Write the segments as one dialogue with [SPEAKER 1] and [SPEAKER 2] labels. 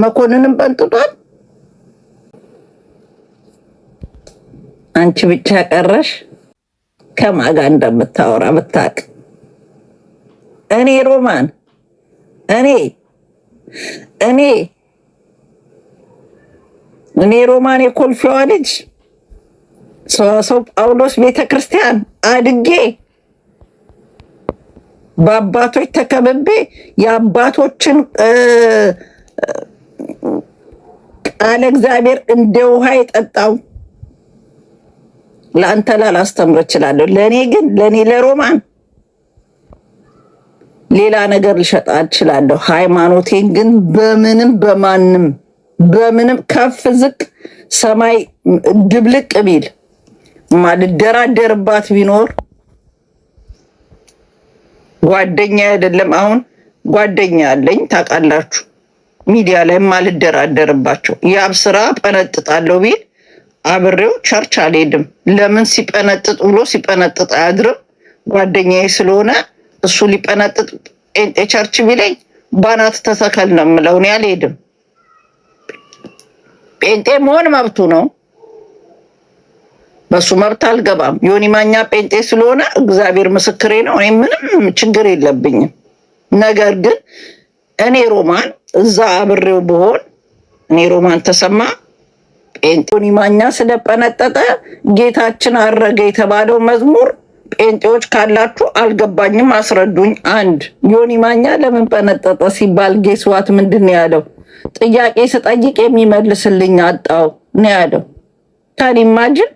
[SPEAKER 1] መኮንንም በልጥጧል። አንቺ ብቻ ቀረሽ ከማጋ እንደምታወራ ብታቅ። እኔ ሮማን እኔ እኔ እኔ ሮማን የኮልፌዋ ልጅ ሰዋሰው ጳውሎስ ቤተ ክርስቲያን አድጌ በአባቶች ተከብቤ የአባቶችን ቃለ እግዚአብሔር እንደ ውሃ የጠጣው ለአንተ ላላስተምር እችላለሁ። ለእኔ ግን ለእኔ ለሮማን ሌላ ነገር ልሸጣ እችላለሁ። ሃይማኖቴን ግን በምንም በማንም በምንም ከፍ ዝቅ ሰማይ ድብልቅ ቢል ማልደራደርባት ቢኖር ጓደኛ አይደለም። አሁን ጓደኛ አለኝ ታውቃላችሁ። ሚዲያ ላይ ማልደራደርባቸው የአብ ስራ እጠነጥጣለሁ ቢል አብሬው ቸርች አልሄድም። ለምን ሲጠነጥጥ ብሎ ሲጠነጥጥ አያድርም። ጓደኛዬ ስለሆነ እሱ ሊጠነጥጥ ጴንጤ ቸርች ቢለኝ ባናት ተተከል ነው የምለው። እኔ አልሄድም። ጴንጤ መሆን መብቱ ነው። በሱ መብት አልገባም። ዮኒ ማኛ ጴንጤ ስለሆነ እግዚአብሔር ምስክሬ ነው። እኔ ምንም ችግር የለብኝም። ነገር ግን እኔ ሮማን እዛ አብሬው ብሆን እኔ ሮማን ተሰማ ጴንጤውን ይማኛ ስለጠነጠጠ ጌታችን አረገ የተባለው መዝሙር ጴንጤዎች ካላችሁ አልገባኝም፣ አስረዱኝ። አንድ ዮኒ ማኛ ለምን በነጠጠ ሲባል ጌስዋት ምንድን ነው ያለው? ጥያቄ ስጠይቅ የሚመልስልኝ አጣው ነው ያለው። ታን ኢማጅን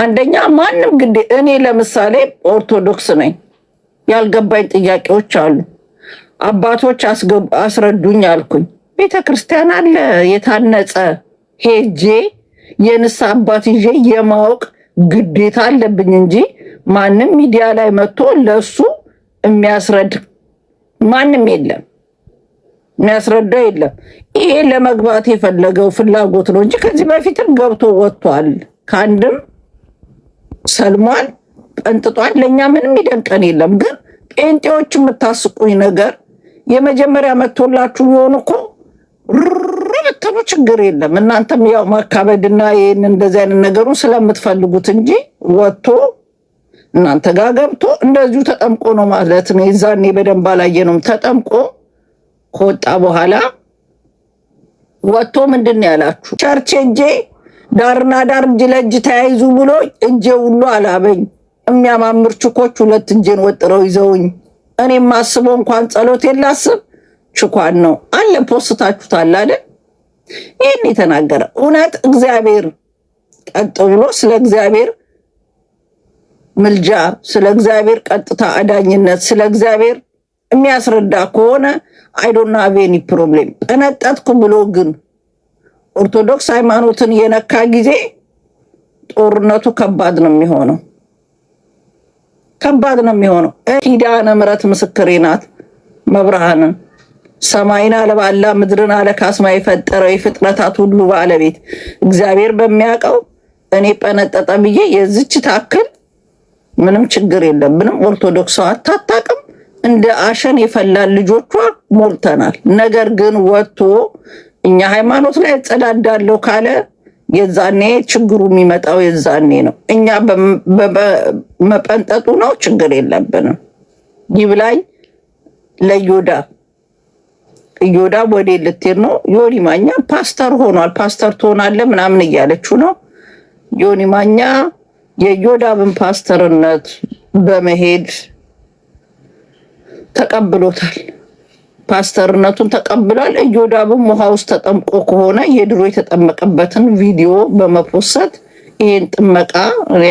[SPEAKER 1] አንደኛ ማንም ግዴ እኔ ለምሳሌ ኦርቶዶክስ ነኝ፣ ያልገባኝ ጥያቄዎች አሉ። አባቶች አስረዱኝ አልኩኝ። ቤተ ክርስቲያን አለ የታነጸ ሄጄ የንስሐ አባት ይዤ የማወቅ ግዴታ አለብኝ እንጂ ማንም ሚዲያ ላይ መጥቶ ለሱ የሚያስረድ ማንም የለም፣ የሚያስረዳው የለም። ይሄ ለመግባት የፈለገው ፍላጎት ነው እንጂ ከዚህ በፊትም ገብቶ ወጥቷል። ከአንድም ሰልሟል፣ ጠንጥጧል። ለእኛ ምንም ይደንቀን የለም። ግን ጴንጤዎች የምታስቁኝ ነገር የመጀመሪያ መቶላችሁ ቢሆን እኮ ብትሉ ችግር የለም። እናንተም ያው ማካበድና ይህን እንደዚህ አይነት ነገሩን ስለምትፈልጉት እንጂ ወጥቶ እናንተ ጋር ገብቶ እንደዚሁ ተጠምቆ ነው ማለት ነው። የዛኔ በደንብ አላየነውም። ተጠምቆ ከወጣ በኋላ ወጥቶ ምንድን ያላችሁ? ቸርች እጄ ዳርና ዳር እጅ ለእጅ ተያይዙ ብሎ እጄ ሁሉ አላበኝ። የሚያማምር ችኮች ሁለት እጄን ወጥረው ይዘውኝ እኔ ማስበው እንኳን ጸሎት የላስብ ችኳን ነው አለ ፖስታችሁታል አይደል? ይህን የተናገረ እውነት እግዚአብሔር ቀጥ ብሎ ስለ እግዚአብሔር ምልጃ፣ ስለ እግዚአብሔር ቀጥታ አዳኝነት፣ ስለ እግዚአብሔር የሚያስረዳ ከሆነ አይዶና ቬኒ ፕሮብሌም ጠነጠጥኩ ብሎ ግን ኦርቶዶክስ ሃይማኖትን የነካ ጊዜ ጦርነቱ ከባድ ነው የሚሆነው። ከባድ ነው የሚሆነው። ኪዳነ ምሕረት ምስክሬ ናት። መብርሃንን ሰማይን አለባላ ምድርን አለ ካስማ የፈጠረው የፍጥረታት ሁሉ ባለቤት እግዚአብሔር በሚያውቀው እኔ ጠነጠጠ ብዬ የዝች ታክል ምንም ችግር የለብንም። ኦርቶዶክስ አታጣቅም እንደ አሸን የፈላን ልጆቿ ሞልተናል። ነገር ግን ወጥቶ እኛ ሃይማኖት ላይ ጸዳዳለው ካለ የዛኔ ችግሩ የሚመጣው የዛኔ ነው። እኛ መጠንጠጡ ነው ችግር የለብንም። ይብላኝ ለዮዳ ዮዳ ወዴ ልትሄድ ነው? ዮኒ ማኛ ፓስተር ሆኗል። ፓስተር ትሆናለ ምናምን እያለችው ነው። ዮኒ ማኛ የዮዳብን ፓስተርነት በመሄድ ተቀብሎታል። ፓስተርነቱን ተቀብሏል። እዮዳብም ውሃ ውስጥ ተጠምቆ ከሆነ የድሮ የተጠመቀበትን ቪዲዮ በመፖሰት ይህን ጥመቃ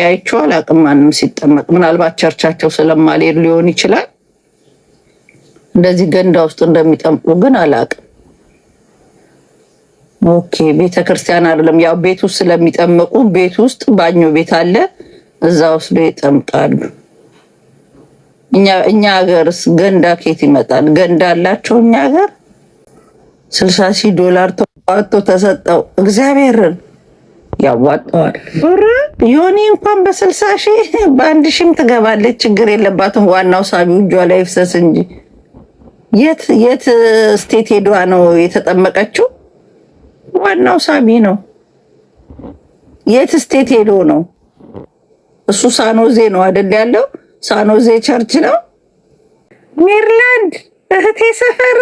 [SPEAKER 1] ያይቼው አላቅም። ማንም ሲጠመቅ ምናልባት ቸርቻቸው ስለማልሄድ ሊሆን ይችላል። እንደዚህ ገንዳ ውስጥ እንደሚጠምቁ ግን አላቅም። ኦኬ ቤተ ክርስቲያን አይደለም፣ ያው ቤት ውስጥ ስለሚጠምቁ ቤት ውስጥ ባኞ ቤት አለ፣ እዛ ወስዶ ይጠምቃሉ። እኛ ሀገርስ ገንዳ ኬት ይመጣል? ገንዳ አላቸው እኛ ሀገር ስልሳ ሺህ ዶላር ተዋጥቶ ተሰጠው። እግዚአብሔርን ያዋጣዋል። ዮኒ እንኳን በስልሳ ሺህ በአንድ ሺህም ትገባለች፣ ችግር የለባትም። ዋናው ሳቢው እጇ ላይ ይፍሰስ እንጂ የት የት ስቴት ሄዷ ነው የተጠመቀችው? ዋናው ሳቢ ነው። የት ስቴት ሄዶ ነው እሱ? ሳኖዜ ነው አይደል ያለው ሳኖዜ ቸርች ነው ሜሪላንድ። እህቴ ሰፈር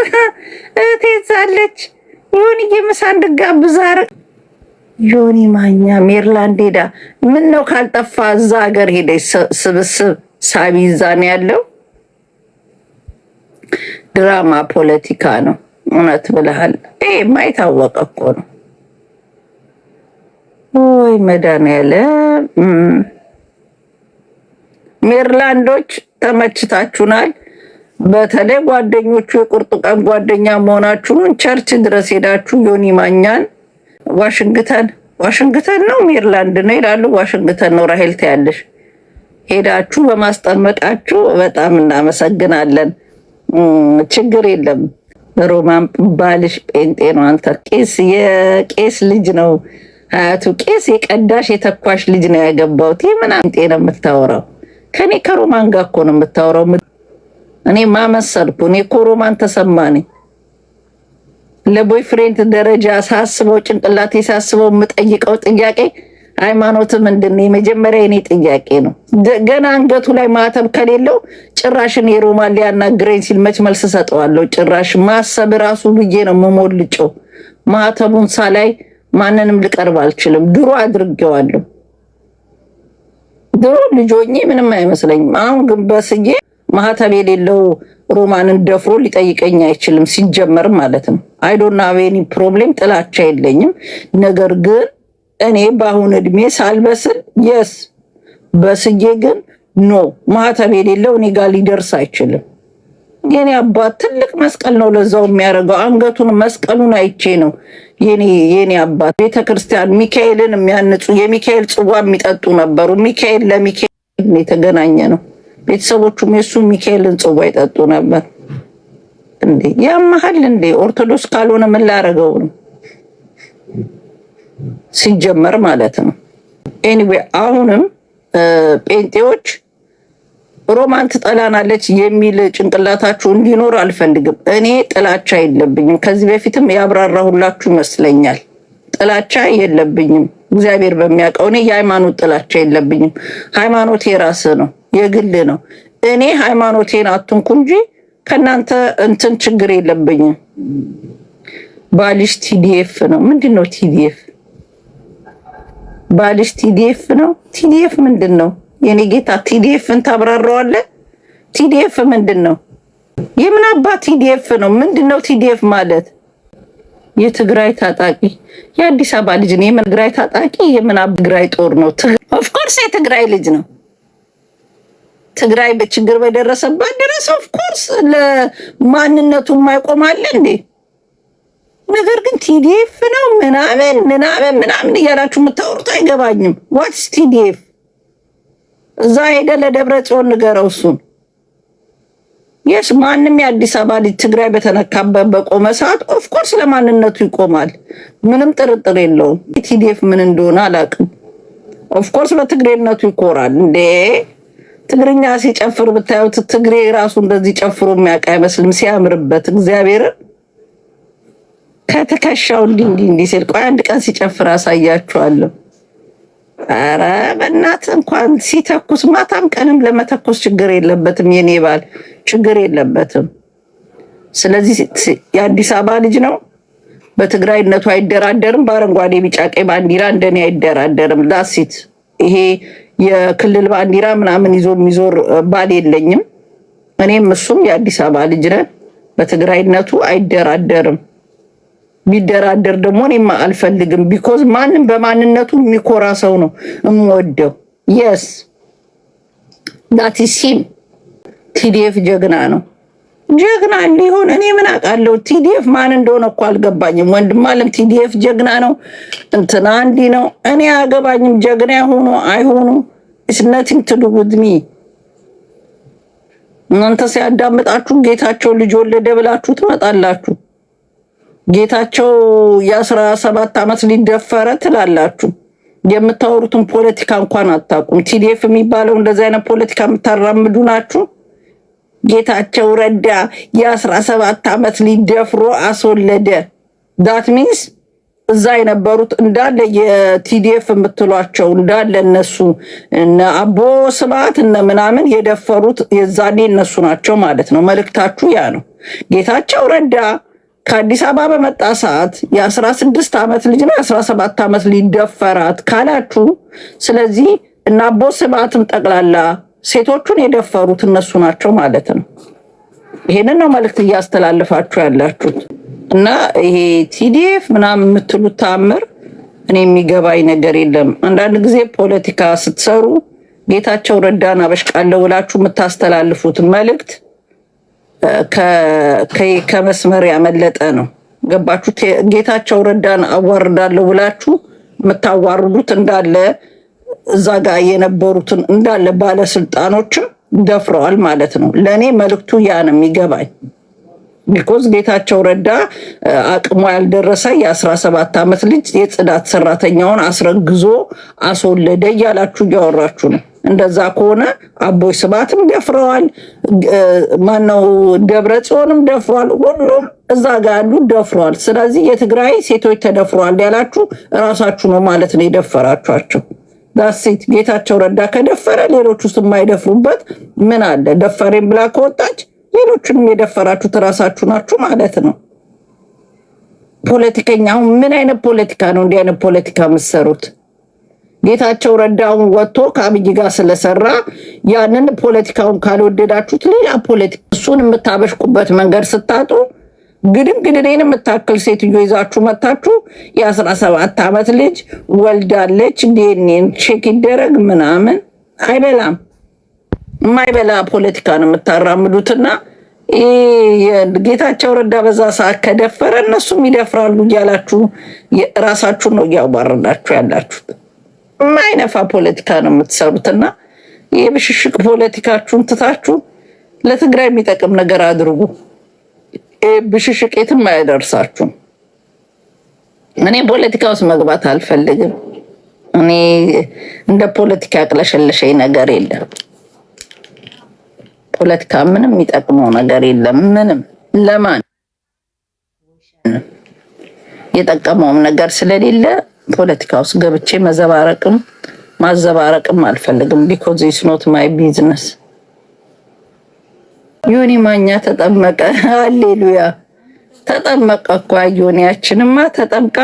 [SPEAKER 1] እህቴ ዛለች ዮኒ ምሳ እንድጋብዛር ዮኒ ማኛ ሜሪላንድ ሄዳ ምን ነው ካልጠፋ እዛ ሀገር ሄደች። ስብስብ ሳቢ እዛ ነው ያለው። ድራማ ፖለቲካ ነው። እውነት ብለሃል። የማይታወቀ እኮ ነው ወይ መዳን ያለ ሜርላንዶች ተመችታችሁናል። በተለይ ጓደኞቹ የቁርጥ ቀን ጓደኛ መሆናችሁን ቸርች ድረስ ሄዳችሁ ዮኒ ማኛን ዋሽንግተን ዋሽንግተን ነው ሜርላንድ ነው ይላሉ። ዋሽንግተን ነው ራሄል ትያለሽ። ሄዳችሁ በማስጠመጣችሁ በጣም እናመሰግናለን። ችግር የለም። ሮማን ባልሽ ጴንጤ ነው። አንተ ቄስ የቄስ ልጅ ነው አያቱ ቄስ የቀዳሽ የተኳሽ ልጅ ነው ያገባሁት። ይህ ምናምን ነው የምታወራው ከኔ ከሮማን ጋር እኮ ነው የምታወራው። እኔ ማመሰልኩ? እኔ እኮ ሮማን ተሰማኔ ለቦይፍሬንድ ደረጃ ሳስበው ጭንቅላቴ ሳስበው የምጠይቀው ጥያቄ ሃይማኖት ምንድን ነው? የመጀመሪያ የኔ ጥያቄ ነው። ገና አንገቱ ላይ ማተብ ከሌለው ጭራሽን የሮማን ሊያናግረኝ ሲል መች መልስ ሰጠዋለሁ? ጭራሽ ማሰብ ራሱ ብዬ ነው የምሞልጨው። ማተቡን ሳላይ ማንንም ልቀርብ አልችልም። ድሮ አድርጌዋለሁ። ድሮ ልጆኜ ምንም አይመስለኝም። አሁን ግን በስዬ ማህተብ የሌለው ሮማንን ደፍሮ ሊጠይቀኝ አይችልም። ሲጀመርም ማለት ነው አይዶና ቬኒ ፕሮብሌም ጥላቻ የለኝም። ነገር ግን እኔ በአሁን እድሜ ሳልበስል የስ በስዬ ግን ኖ ማህተብ የሌለው እኔ ጋር ሊደርስ አይችልም። የኔ አባት ትልቅ መስቀል ነው ለዛው የሚያደርገው አንገቱን መስቀሉን አይቼ ነው። የኔ አባት ቤተክርስቲያን ሚካኤልን የሚያንጹ የሚካኤል ጽዋ የሚጠጡ ነበሩ። ሚካኤል ለሚካኤል የተገናኘ ነው። ቤተሰቦቹም የሱ ሚካኤልን ጽዋ ይጠጡ ነበር። እንዴ ያመሃል እንዴ ኦርቶዶክስ ካልሆነ ምን ነው ሲጀመር ማለት ነው። ኤኒዌይ አሁንም ጴንጤዎች ሮማን ትጠላናለች የሚል ጭንቅላታችሁ እንዲኖር አልፈልግም። እኔ ጥላቻ የለብኝም። ከዚህ በፊትም ያብራራሁላችሁ ይመስለኛል። ጥላቻ የለብኝም። እግዚአብሔር በሚያውቀው እኔ የሃይማኖት ጥላቻ የለብኝም። ሃይማኖት የራስ ነው፣ የግል ነው። እኔ ሃይማኖቴን አትንኩ እንጂ ከእናንተ እንትን ችግር የለብኝም። ባልሽ ቲዲኤፍ ነው። ምንድን ነው ቲዲኤፍ? ባልሽ ቲዲኤፍ ነው። ቲዲኤፍ ምንድን ነው? የኔ ጌታ ቲዲኤፍን ታብራረዋለ። ቲዲኤፍ ምንድን ነው? የምን አባት ቲዲኤፍ ነው? ምንድን ነው ቲዲኤፍ ማለት? የትግራይ ታጣቂ የአዲስ አበባ ልጅ ነው። የምን ትግራይ ታጣቂ? የምን ትግራይ ጦር ነው? ኦፍኮርስ የትግራይ ልጅ ነው። ትግራይ በችግር በደረሰባት ድረስ ኦፍኮርስ ለማንነቱ የማይቆም አለ እንዴ? ነገር ግን ቲዲኤፍ ነው ምናምን ምናምን ምናምን እያላችሁ የምታወሩት አይገባኝም። ዋትስ ቲዲኤፍ እዛ ሄደ ለደብረ ጽዮን ንገረው። እሱን የስ ማንም የአዲስ አበባ ልጅ ትግራይ በተነካበት በቆመ ሰዓት ኦፍኮርስ ለማንነቱ ይቆማል። ምንም ጥርጥር የለውም። ቲዲኤፍ ምን እንደሆነ አላውቅም። ኦፍኮርስ በትግሬነቱ ይኮራል እንዴ ትግርኛ ሲጨፍር ብታዩት ትግሬ ራሱ እንደዚህ ጨፍሮ የሚያውቅ አይመስልም። ሲያምርበት እግዚአብሔርን ከትከሻው እንዲህ እንዲህ እንዲህ ሲል ቆይ አንድ ቀን ሲጨፍር አሳያችኋለሁ። አረ በእናት እንኳን ሲተኩስ ማታም ቀንም ለመተኮስ ችግር የለበትም። የኔ ባል ችግር የለበትም። ስለዚህ የአዲስ አበባ ልጅ ነው። በትግራይነቱ አይደራደርም። በአረንጓዴ ቢጫ፣ ቀይ ባንዲራ እንደኔ አይደራደርም። ዳሲት ይሄ የክልል ባንዲራ ምናምን ይዞ የሚዞር ባል የለኝም። እኔም እሱም የአዲስ አበባ ልጅ ነን። በትግራይነቱ አይደራደርም። ቢደራደር ደግሞ እኔማ አልፈልግም። ቢኮዝ ማንም በማንነቱ የሚኮራ ሰው ነው እምወደው። የስ ዳት ሲም ቲዲኤፍ ጀግና ነው። ጀግና እንዲሆን እኔ ምን አውቃለሁ? ቲዲኤፍ ማን እንደሆነ እኮ አልገባኝም። ወንድም አለም ቲዲኤፍ ጀግና ነው፣ እንትና እንዲ ነው። እኔ አያገባኝም። ጀግና የሆኑ አይሆኑ ኢትስ ነቲንግ ቱ ዱ ዊዝ ሚ። እናንተ ሲያዳምጣችሁ ጌታቸው ልጅ ወለደ ብላችሁ ትመጣላችሁ። ጌታቸው የአስራ ሰባት ዓመት ሊደፈረ ትላላችሁ። የምታወሩትን ፖለቲካ እንኳን አታውቁም። ቲዲኤፍ የሚባለው እንደዚህ አይነት ፖለቲካ የምታራምዱ ናችሁ። ጌታቸው ረዳ የአስራ ሰባት ዓመት ሊደፍሮ አስወለደ። ዳት ሚንስ እዛ የነበሩት እንዳለ የቲዲኤፍ የምትሏቸው እንዳለ እነሱ እነ አቦ ስብዓት እነ ምናምን የደፈሩት የዛኔ እነሱ ናቸው ማለት ነው። መልእክታችሁ ያ ነው። ጌታቸው ረዳ ከአዲስ አበባ በመጣ ሰዓት የአስራ ስድስት ዓመት ልጅና የአስራ ሰባት ዓመት ሊደፈራት ካላችሁ፣ ስለዚህ እና አቦ ስብዓትም ጠቅላላ ሴቶቹን የደፈሩት እነሱ ናቸው ማለት ነው። ይሄንን ነው መልእክት እያስተላለፋችሁ ያላችሁት እና ይሄ ቲዲኤፍ ምናምን የምትሉት ታምር እኔ የሚገባኝ ነገር የለም። አንዳንድ ጊዜ ፖለቲካ ስትሰሩ ጌታቸው ረዳን አበሽቃለሁ ብላችሁ የምታስተላልፉት መልእክት ከመስመር ያመለጠ ነው። ገባችሁ? ጌታቸው ረዳን አዋርዳለሁ ብላችሁ የምታዋርዱት እንዳለ እዛ ጋር የነበሩትን እንዳለ ባለስልጣኖችም ደፍረዋል ማለት ነው። ለእኔ መልእክቱ ያ ነው የሚገባኝ። ቢኮዝ ጌታቸው ረዳ አቅሙ ያልደረሰ የ17 ዓመት ልጅ የጽዳት ሰራተኛውን አስረግዞ አስወለደ እያላችሁ እያወራችሁ ነው። እንደዛ ከሆነ አቦይ ስባትም ደፍረዋል። ማነው ደብረ ጽዮንም ደፍሯል። ሁሉም እዛ ጋር ያሉ ደፍረዋል። ስለዚህ የትግራይ ሴቶች ተደፍረዋል ያላችሁ እራሳችሁ ነው ማለት ነው የደፈራችኋቸው። ዳሴት ጌታቸው ረዳ ከደፈረ ውስጥ የማይደፍሩበት ምን አለ? ደፈሬን ብላ ከወጣች ሌሎችንም የደፈራችሁት እራሳችሁ ናችሁ ማለት ነው። ፖለቲከኛ አሁን ምን አይነት ፖለቲካ ነው እንዲህ አይነት ፖለቲካ የምትሰሩት? ጌታቸው ረዳውን ወጥቶ ከአብይ ጋር ስለሰራ ያንን ፖለቲካውን ካልወደዳችሁት ሌላ ፖለቲካ እሱን የምታበሽቁበት መንገድ ስታጡ ግድም ግድኔን የምታክል ሴትዮ ይዛችሁ መታችሁ የአስራ ሰባት ዓመት ልጅ ወልዳለች ዴኔን ቼክ ይደረግ ምናምን አይበላም። የማይበላ ፖለቲካ ነው የምታራምዱትና ጌታቸው ረዳ በዛ ሰዓት ከደፈረ እነሱም ይደፍራሉ እያላችሁ ራሳችሁ ነው እያዋረዳችሁ ያላችሁት። ማይነፋ ፖለቲካ ነው የምትሰሩትና ይህ ብሽሽቅ ፖለቲካችሁን ትታችሁ ለትግራይ የሚጠቅም ነገር አድርጉ። ብሽሽቅ የትም አያደርሳችሁም። እኔ ፖለቲካ ውስጥ መግባት አልፈልግም። እኔ እንደ ፖለቲካ ያቅለሸለሸኝ ነገር የለም። ፖለቲካ ምንም የሚጠቅመው ነገር የለም። ምንም ለማን የጠቀመውም ነገር ስለሌለ ፖለቲካ ውስጥ ገብቼ መዘባረቅም ማዘባረቅም አልፈልግም። ቢኮዝ ኢትስ ኖት ማይ ቢዝነስ። ዮኒ ማኛ ተጠመቀ። ሃሌሉያ ተጠመቀ እኮ ዮኒያችንማ ተጠምቃ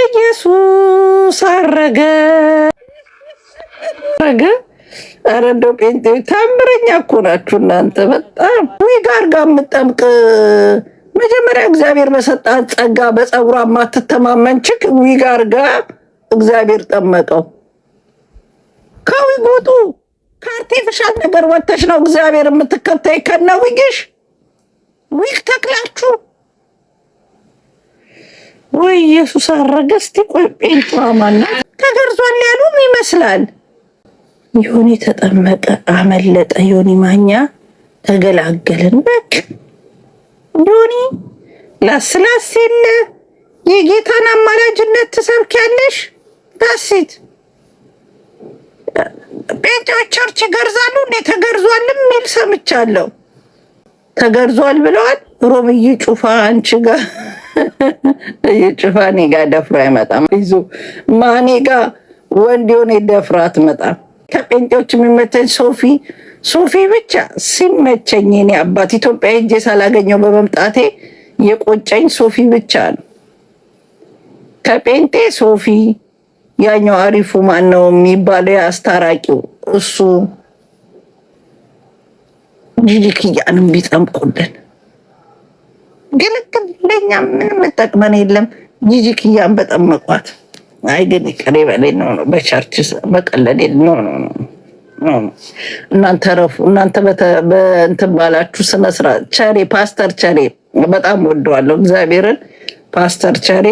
[SPEAKER 1] ኢየሱስ አረገ አረገ። ኧረ እንደው ጴንጤ ታምረኛ እኮ ናችሁ እናንተ በጣም ጋር ጋር የምጠምቅ መጀመሪያ እግዚአብሔር በሰጣት ጸጋ በፀጉሯ ማትተማመን ችክ ዊግ አርጋ እግዚአብሔር ጠመቀው። ከዊጉጡ ከአርቴፊሻል ነገር ወተሽ ነው እግዚአብሔር የምትከተይ ከነ ዊግሽ ዊግ ተክላችሁ ወይ ኢየሱስ አረገ። እስቲ ቆይ ጴንጤዋ ተገርዟል ያሉም ይመስላል። ዮኒ ተጠመቀ፣ አመለጠ። ዮኒ ማኛ ተገላገልን በቅ ዶኒ ለስላሴነ የጌታን አማላጅነት ትሰብኪያለሽ። በሴት ጴንጤዎች ቸርች ይገርዛሉ እንዴ? ተገርዟልም የሚል ሰምቻለሁ። ተገርዟል ብለዋል። ሮምዬ ጩፋ አንቺ ጋር ጩፋ እኔ ጋ ደፍሮ አይመጣም። ይዞ ማኔ ጋ ወንድ የሆነ ደፍራ አትመጣም። ከጴንጤዎች የሚመተኝ ሶፊ ሶፊ ብቻ ሲመቸኝ እኔ አባት ኢትዮጵያ ሄጄ ሳላገኘው በመምጣቴ የቆጨኝ ሱፊ ብቻ ነው። ከጴንጤ ሶፊ ያኛው አሪፉ ማን ነው የሚባለው የአስታራቂው እሱ ጂጂክያንም ቢጠምቁልን ግልግል ለኛ ምንም ጠቅመን የለም። ጂጂክያን በጠመቋት። አይ ግን ይቅር በሌ ነው ነው በቻርች በቀለሌ ነው ነው ነው እናንተ ረፉ። እናንተ በእንትን ባላችሁ ስነስርዓት ቸሬ ፓስተር ቸሬ በጣም ወደዋለሁ እግዚአብሔርን ፓስተር ቸሬ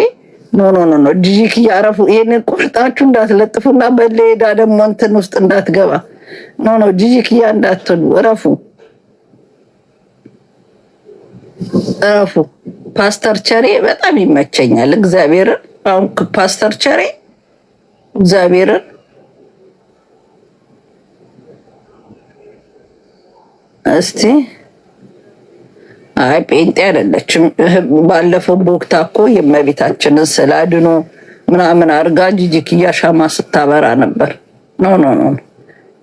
[SPEAKER 1] ኖ ኖ ኖ ጂጂክ እያረፉ ይህንን ቁርጣችሁ እንዳትለጥፉና በሌዳ ደግሞ እንትን ውስጥ እንዳትገባ። ኖ ኖ ጂጂክ እያ እንዳትሉ እረፉ፣ እረፉ። ፓስተር ቸሬ በጣም ይመቸኛል እግዚአብሔርን። አሁን ፓስተር ቸሬ እግዚአብሔርን እስቲ አይ ጴንጤ አይደለችም። ባለፈው ቦክታ እኮ የእመቤታችንን ስለ አድኖ ምናምን አድርጋ ጂጂክያ ሻማ ስታበራ ነበር። ኖ ኖ ኖ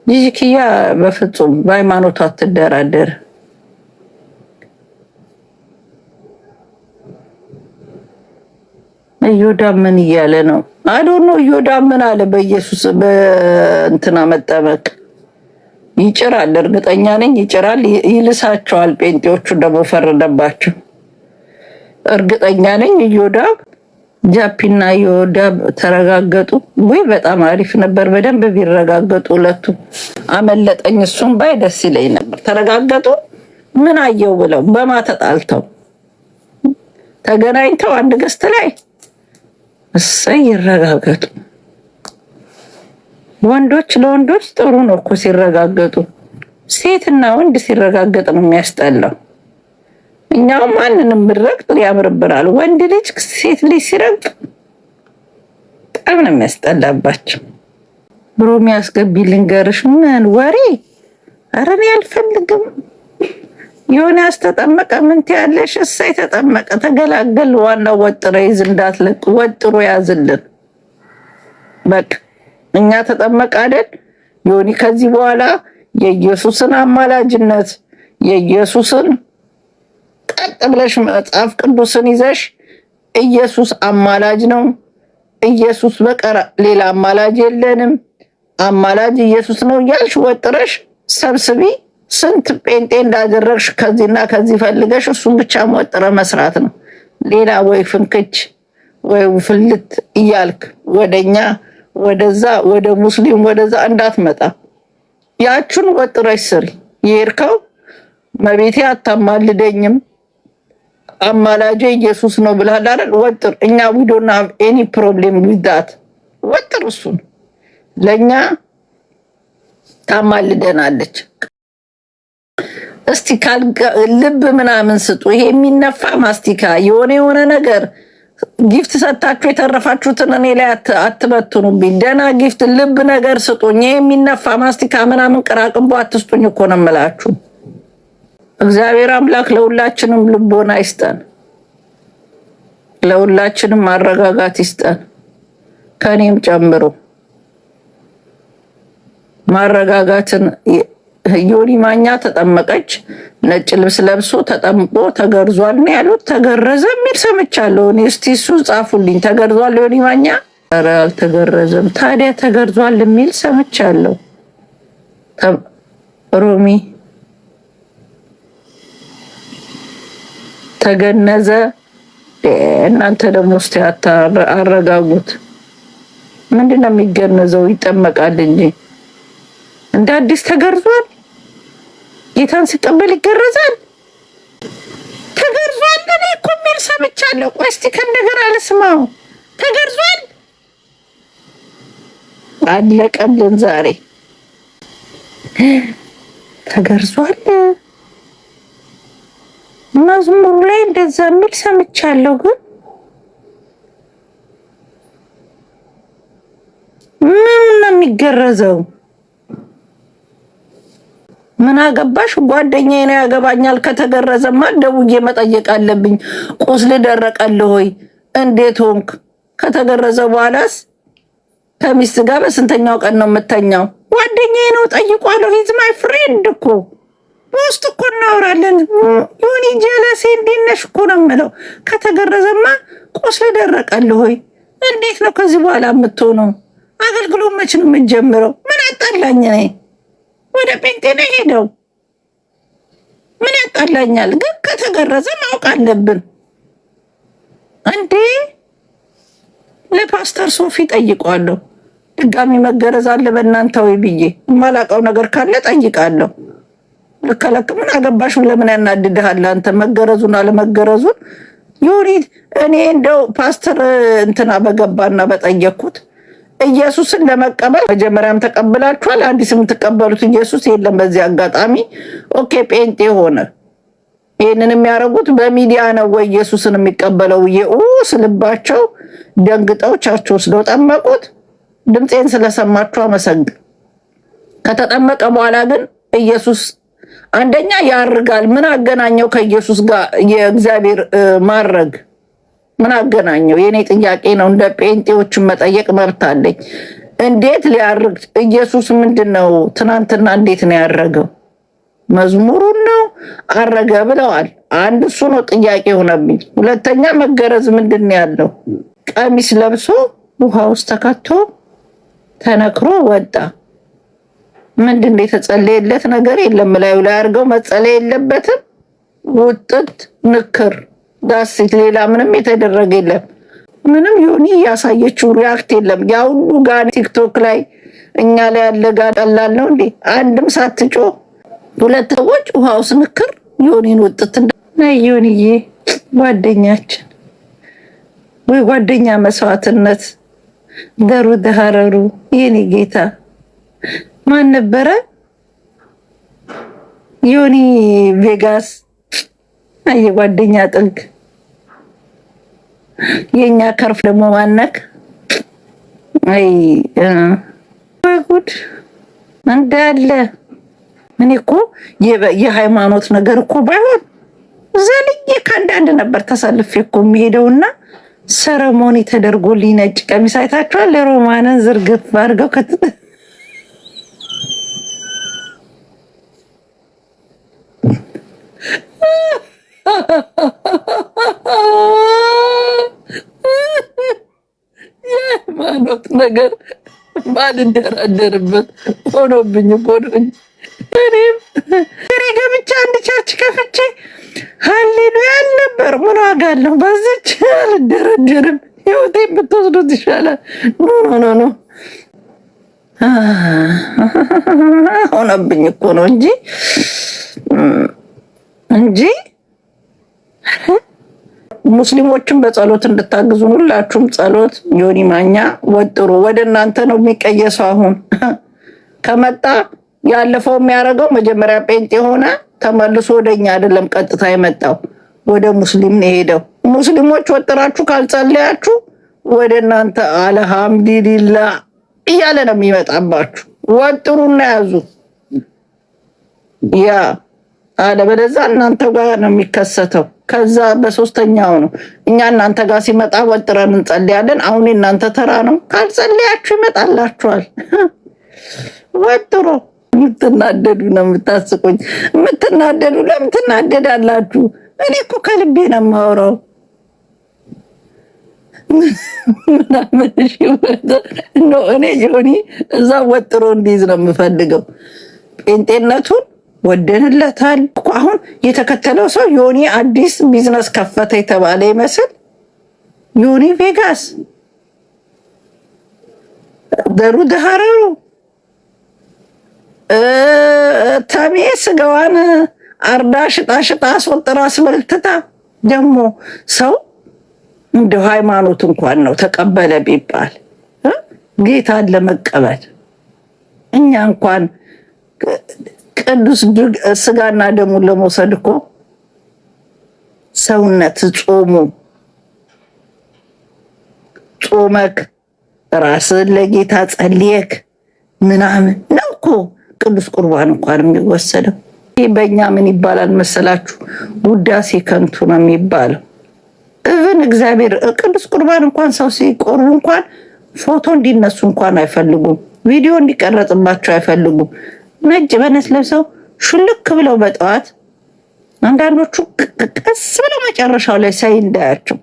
[SPEAKER 1] ጂጂክያ በፍጹም በሃይማኖቷ አትደራደር። እዮዳ ምን እያለ ነው? አዶ ነው እዮዳ ምን አለ? በኢየሱስ በእንትና መጠመቅ ይጭራል። እርግጠኛ ነኝ ይጭራል፣ ይልሳቸዋል። ጴንጤዎቹ ደግሞ ፈረደባቸው። እርግጠኛ ነኝ እዮዳብ ጃፒና እዮዳብ ተረጋገጡ ወይ? በጣም አሪፍ ነበር። በደንብ ቢረጋገጡ ሁለቱ። አመለጠኝ እሱም ባይ ደስ ይለኝ ነበር። ተረጋገጡ። ምን አየው ብለው በማ ተጣልተው ተገናኝተው አንድ ገስት ላይ እሰይ ይረጋገጡ። ወንዶች ለወንዶች ጥሩ ነው እኮ ሲረጋገጡ፣ ሴትና ወንድ ሲረጋገጥ ነው የሚያስጠላው። እኛው ማንንም ብንረግጥ ያምርብናል። ወንድ ልጅ ሴት ልጅ ሲረግጥ በጣም ነው የሚያስጠላባቸው። ብሮ የሚያስገቢ ልንገርሽ፣ ምን ወሬ ኧረ እኔ አልፈልግም። የሆነ ያስተጠመቀ ምን ትያለሽ? እሳይ ተጠመቀ ተገላገል። ዋናው ወጥሮ ይዝ እንዳትለቅ፣ ወጥሮ ያዝልን በቃ እኛ ተጠመቀ አይደል? ዮኒ ከዚህ በኋላ የኢየሱስን አማላጅነት የኢየሱስን ቀጥ ብለሽ መጽሐፍ ቅዱስን ይዘሽ ኢየሱስ አማላጅ ነው፣ ኢየሱስ በቀር ሌላ አማላጅ የለንም፣ አማላጅ ኢየሱስ ነው እያልሽ ወጥረሽ ሰብስቢ። ስንት ጴንጤ እንዳደረግሽ ከዚህና ከዚህ ፈልገሽ እሱን ብቻ ወጥረ መስራት ነው። ሌላ ወይ ፍንክች ወይ ፍልት እያልክ ወደኛ ወደዛ ወደ ሙስሊም ወደዛ እንዳትመጣ ያችን ወጥረሽ ስሪ። የሄድከው መቤቴ አታማልደኝም አማላጄ ኢየሱስ ነው ብለሃል አይደል? ወጥር። እኛ ዊ ዶንት ሃቭ ኤኒ ፕሮብሌም ዊዝ ዳት ወጥር። እሱን ለእኛ ታማልደናለች። እስቲ ልብ ምናምን ስጡ። ይሄ የሚነፋ ማስቲካ የሆነ የሆነ ነገር ጊፍት ሰጥታችሁ የተረፋችሁትን እኔ ላይ አትበትኑብኝ። ደህና ጊፍት ልብ ነገር ስጡኝ። የሚነፋ ማስቲካ ምናምን ቅራቅንቦ አትስጡኝ እኮ ነው የምላችሁ። እግዚአብሔር አምላክ ለሁላችንም ልቦና ይስጠን፣ ለሁላችንም ማረጋጋት ይስጠን። ከእኔም ጨምሮ ማረጋጋትን ዮኒ ማኛ ተጠመቀች፣ ነጭ ልብስ ለብሶ ተጠምቆ ተገርዟል ነው ያሉት። ተገረዘ የሚል ሰምቻለሁ እኔ። እስቲ እሱ ጻፉልኝ። ተገርዟል ዮኒ ማኛ? ኧረ አልተገረዘም። ታዲያ ተገርዟል የሚል ሰምቻለሁ። ሮሚ ተገነዘ። እናንተ ደግሞ እስቲ አረጋጉት። ምንድን ነው የሚገነዘው? ይጠመቃል እንጂ እንደ አዲስ ተገርዟል ጌታን ሲቀበል ይገረዛል። ተገርዟል። እኔ እኮ የሚል ሰምቻለሁ። ቆይ እስኪ ከእንደገና ልስማው። ተገርዟል። አለቀልን ዛሬ ተገርዟል። መዝሙሩ ላይ እንደዛ የሚል ሰምቻለሁ ግን ምን ነው የሚገረዘው? ምን አገባሽ? ጓደኛዬ ነው ያገባኛል። ከተገረዘማ ደውዬ መጠየቅ አለብኝ። ቁስል ደረቀልህ ሆይ እንዴት ሆንክ? ከተገረዘ በኋላስ ከሚስት ጋር በስንተኛው ቀን ነው የምተኛው? ጓደኛዬ ነው ጠይቋለሁ። ሂዝ ማይ ፍሬንድ እኮ በውስጥ እኮ እናወራለን። ዮኒ ጀለሴ እንዴት ነሽ እኮ ነው የምለው። ከተገረዘማ ቁስል ደረቀልህ ሆይ እንዴት ነው ከዚህ በኋላ የምትሆነው? አገልግሎት መች ነው የምትጀምረው? ምን አጣላኝ እኔ ወደ ጴንጤ ነው ሄደው። ምን ያጣላኛል? ግን ከተገረዘ ማወቅ አለብን እንዴ። ለፓስተር ሶፊ ጠይቋለሁ። ድጋሚ መገረዝ አለ በእናንተዊ ብዬ የማላውቀው ነገር ካለ ጠይቃለሁ። ልከለክ ምን አገባሽ? ለምን ያናድድሃል አንተ መገረዙን አለመገረዙን? ዩሪ እኔ እንደው ፓስተር እንትና በገባና በጠየቅኩት ኢየሱስን ለመቀበል መጀመሪያም ተቀብላችኋል። አዲስ የምትቀበሉት ኢየሱስ የለም። በዚህ አጋጣሚ ኦኬ፣ ጴንጤ ሆነ። ይህንን የሚያደርጉት በሚዲያ ነው ወይ ኢየሱስን የሚቀበለው የኡስ ልባቸው ደንግጠው ቸርች ወስደው ጠመቁት። ድምፄን ስለሰማችሁ አመሰግ ከተጠመቀ በኋላ ግን ኢየሱስ አንደኛ ያርጋል። ምን አገናኘው ከኢየሱስ ጋር የእግዚአብሔር ማረግ? ምን አገናኘው? የእኔ ጥያቄ ነው። እንደ ጴንጤዎቹን መጠየቅ መብት አለኝ። እንዴት ሊያርግ ኢየሱስ ምንድን ነው? ትናንትና እንዴት ነው ያረገው? መዝሙሩን ነው አረገ ብለዋል። አንድ እሱ ነው ጥያቄ ሆነብኝ። ሁለተኛ መገረዝ ምንድን ነው ያለው? ቀሚስ ለብሶ ውሃ ውስጥ ተከቶ ተነክሮ ወጣ። ምንድን ነው የተጸለየለት ነገር የለም። ላዩ ላይ አድርገው መጸለይ የለበትም። ውጥት ንክር ዳሴት ሌላ ምንም የተደረገ የለም። ምንም ዮኒ እያሳየችው ሪያክት የለም። ያ ሁሉ ጋር ቲክቶክ ላይ እኛ ላይ ያለ ጋር ጠላል ነው እንዴ? አንድም ሳትጮ ሁለት ሰዎች ውሃውስ ምክር ዮኒን ውጥት እና ዮኒዬ ጓደኛችን ወይ ጓደኛ መስዋዕትነት ደሩ ደሃረሩ የኔ ጌታ ማን ነበረ? ዮኒ ቬጋስ አየ ጓደኛ ጥግ የእኛ ከርፍ ደግሞ ማነክ ጉድ እንዳለ እኔ እኮ የሃይማኖት ነገር እኮ ባይሆን ዘልዬ ከአንዳንድ ነበር ተሰልፌ እኮ የሚሄደውና ሰረሞኒ ተደርጎ ሊነጭ ቀሚስ አይታችኋል። ለሮማንን ዝርግፍ አድርገው ከት የሃይማኖት ነገር ባልደራደርበት ሆኖብኝ ሆኖኝ እኔም እኔ ገብቼ አንድ ቸርች ከፍቼ ያል ነበር። ምን ዋጋ አለው? በዚች አልደረደርም። ህይወቴን ብትወስዱት ይሻላል። ኖ ኖ ኖ ሆነብኝ እኮ ነው እንጂ እንጂ ሙስሊሞችን በጸሎት እንድታግዙን ሁላችሁም ጸሎት ጆኒ ማኛ ወጥሩ። ወደ እናንተ ነው የሚቀየሰው። አሁን ከመጣ ያለፈው የሚያደርገው መጀመሪያ ጴንጤ የሆነ ተመልሶ ወደኛ አይደለም ቀጥታ የመጣው ወደ ሙስሊም ነው የሄደው። ሙስሊሞች ወጥራችሁ ካልጸለያችሁ ወደ እናንተ አልሐምዱሊላ እያለ ነው የሚመጣባችሁ። ወጥሩና ያዙ ያ አለበለዛ እናንተ ጋር ነው የሚከሰተው። ከዛ በሶስተኛው ነው እኛ እናንተ ጋር ሲመጣ ወጥረን እንጸልያለን። አሁን እናንተ ተራ ነው። ካልጸለያችሁ ይመጣላችኋል። ወጥሮ የምትናደዱ ነው የምታስቁኝ። የምትናደዱ ለምን ትናደዳላችሁ? እኔ እኮ ከልቤ ነው የማወራው። ምናምን እኔ ጆኒ እዛ ወጥሮ እንዲይዝ ነው የምፈልገው ጴንጤነቱን ወደንለታል። አሁን የተከተለው ሰው ዮኒ አዲስ ቢዝነስ ከፈተ የተባለ ይመስል ዮኒ ቬጋስ ደሩ ደሃረሩ ተሜ ስጋዋን አርዳ ሽጣ ሽጣ አስወጥራ አስመልትታ ደግሞ ሰው እንደ ሃይማኖት እንኳን ነው ተቀበለ ቢባል ጌታን ለመቀበል እኛ እንኳን ቅዱስ ስጋና ደሙን ለመውሰድ እኮ ሰውነት ጾሙ ጾመክ ራስን ለጌታ ጸልየክ ምናምን ነው እኮ ቅዱስ ቁርባን እንኳን የሚወሰደው። ይህ በእኛ ምን ይባላል መሰላችሁ? ውዳሴ ከንቱ ነው የሚባለው። እብን እግዚአብሔር ቅዱስ ቁርባን እንኳን ሰው ሲቆርቡ እንኳን ፎቶ እንዲነሱ እንኳን አይፈልጉም። ቪዲዮ እንዲቀረጽባቸው አይፈልጉም። ነጭ በነስ ለብሰው ሹልክ ብለው በጠዋት አንዳንዶቹ ቀስ ብለው መጨረሻው ላይ ሳይ እንዳያቸው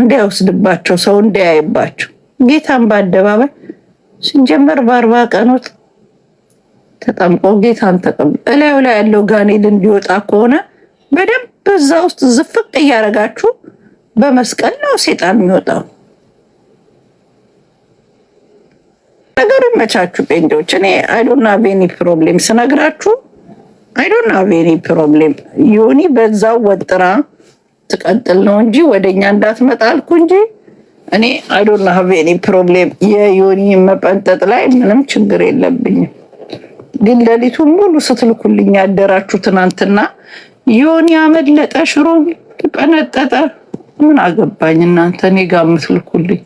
[SPEAKER 1] እንዳይወስድባቸው ሰው እንዳያይባቸው ጌታን በአደባባይ ስንጀመር በአርባ ቀኖት ተጠምቆ ጌታን ተጠምቆ እላዩ ላይ ያለው ጋኔል እንዲወጣ ከሆነ በደንብ በዛ ውስጥ ዝፍቅ እያደረጋችሁ በመስቀል ነው ሴጣን የሚወጣው። ነገር ይመቻችሁ ጴንጤዎች። እኔ አይዶና ቬኒ ፕሮብሌም ስነግራችሁ አይዶና ቬኒ ፕሮብሌም ዮኒ በዛው ወጥራ ትቀጥል ነው እንጂ ወደ እኛ እንዳትመጣ እንጂ እኔ አይዶና ቬኒ ፕሮብሌም የዮኒ መጠንጠጥ ላይ ምንም ችግር የለብኝም። ግን ሌሊቱን ሙሉ ስትልኩልኝ ያደራችሁ ትናንትና ዮኒ አመለጠ፣ ሽሮ ቀነጠጠ፣ ምን አገባኝ እናንተ እኔ ጋር የምትልኩልኝ